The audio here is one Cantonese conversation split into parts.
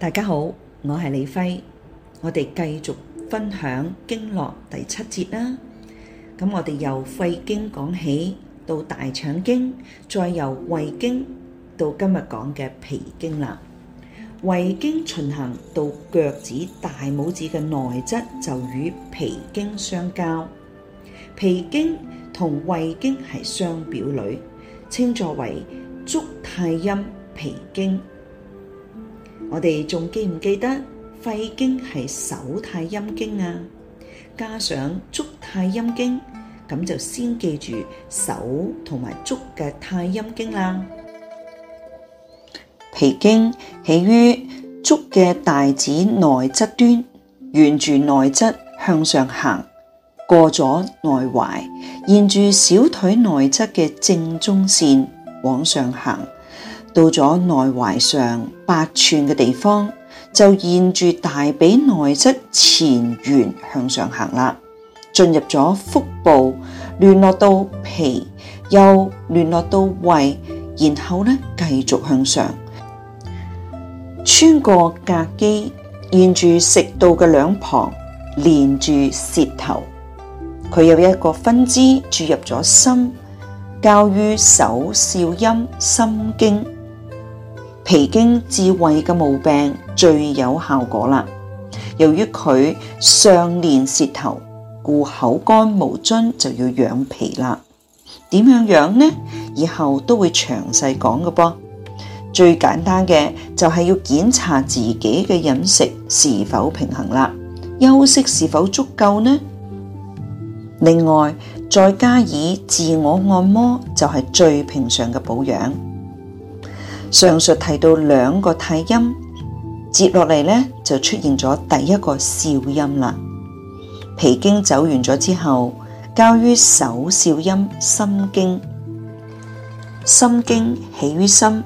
大家好，我係李輝，我哋繼續分享經絡第七節啦。咁我哋由肺經講起到大腸經，再由胃經到今日講嘅脾經啦。胃經循行到腳趾大拇指嘅內側就與脾經相交，脾經同胃經係相表裏，稱作為足太陰脾經。我哋仲記唔記得肺經係手太陰經啊？加上足太陰經，咁就先記住手同埋足嘅太陰經啦。脾經起於足嘅大趾內側端，沿住內側向上行，過咗內踝，沿住小腿內側嘅正中線往上行。到咗內踝上八寸嘅地方，就沿住大髀內側前緣向上行啦，進入咗腹部，聯絡到脾，又聯絡到胃，然後呢，繼續向上，穿過膈肌，沿住食道嘅兩旁，連住舌頭，佢有一個分支注入咗心，交於手少陰心經。脾經智慧嘅毛病最有效果啦。由於佢上連舌頭，故口乾無津就要養脾啦。點樣養呢？以後都會詳細講嘅噃。最簡單嘅就係要檢查自己嘅飲食是否平衡啦，休息是否足夠呢？另外，再加以自我按摩就係最平常嘅保養。上述提到兩個太陰，接落嚟呢就出現咗第一個少陰啦。脾經走完咗之後，交於手少陰心經。心經起於心，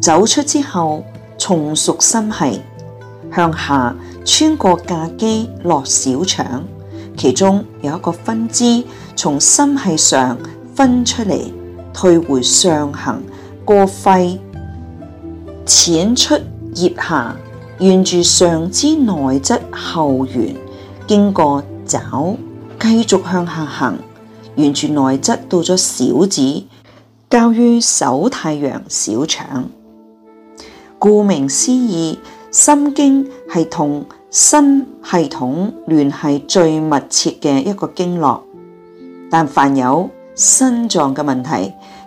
走出之後從屬心系，向下穿過膈肌落小腸，其中有一個分支從心系上分出嚟退回上行。過肺，淺出腋下，沿住上肢內側後緣，經過爪，繼續向下行，沿住內側到咗小指，交於手太陽小腸。顧名思義，心經係同心系統聯繫最密切嘅一個經絡，但凡有心臟嘅問題。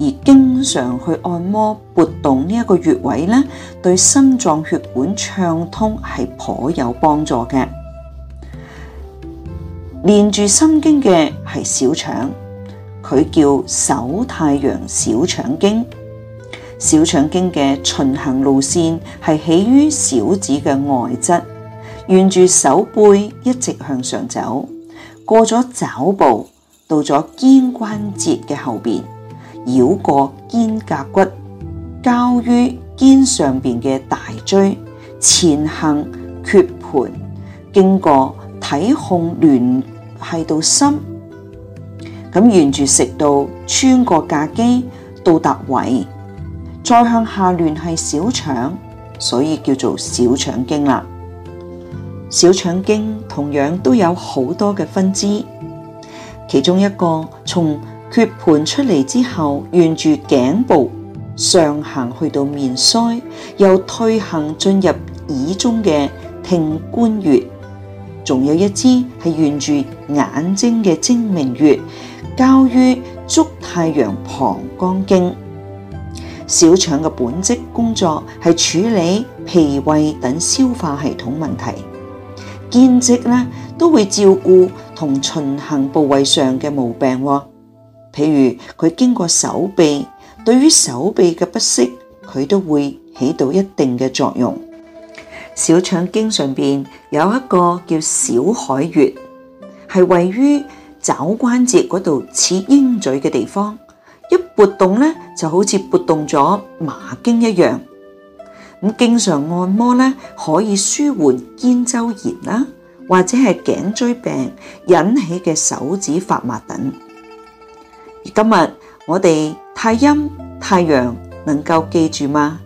而經常去按摩活動呢個個穴位呢，對心臟血管暢通係頗有幫助嘅。連住心經嘅係小腸，佢叫手太陽小腸經。小腸經嘅循行路線係起於小指嘅外側，沿住手背一直向上走，過咗肘部，到咗肩關節嘅後面。繞過肩胛骨，交於肩上邊嘅大椎，前行缺盆，經過體控聯繫到心，咁沿住食道穿過膈肌到達胃，再向下聯繫小腸，所以叫做小腸經啦。小腸經同樣都有好多嘅分支，其中一個從缺盆出嚟之後，沿住頸部上行去到面腮，又退行進入耳中嘅聽宮穴，仲有一支係沿住眼睛嘅睛明穴，交於足太陽膀胱經。小腸嘅本職工作係處理脾胃等消化系統問題，兼職呢都會照顧同循行部位上嘅毛病喎。譬如佢經過手臂，對於手臂嘅不適，佢都會起到一定嘅作用。小腸經上邊有一個叫小海穴，係位於肘關節嗰度似鷹嘴嘅地方，一撥動咧就好似撥動咗麻經一樣。咁經常按摩咧，可以舒緩肩周炎啦，或者係頸椎病引起嘅手指發麻等。今日我哋太陰太陽能夠記住嗎？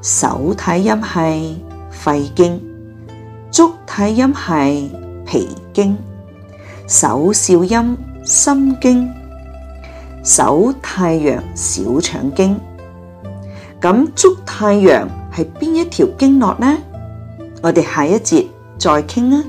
手太陰係肺經，足太陰係脾經，手少陰心經，手太陽小腸經。咁足太陽係邊一條經絡呢？我哋下一節再傾啊！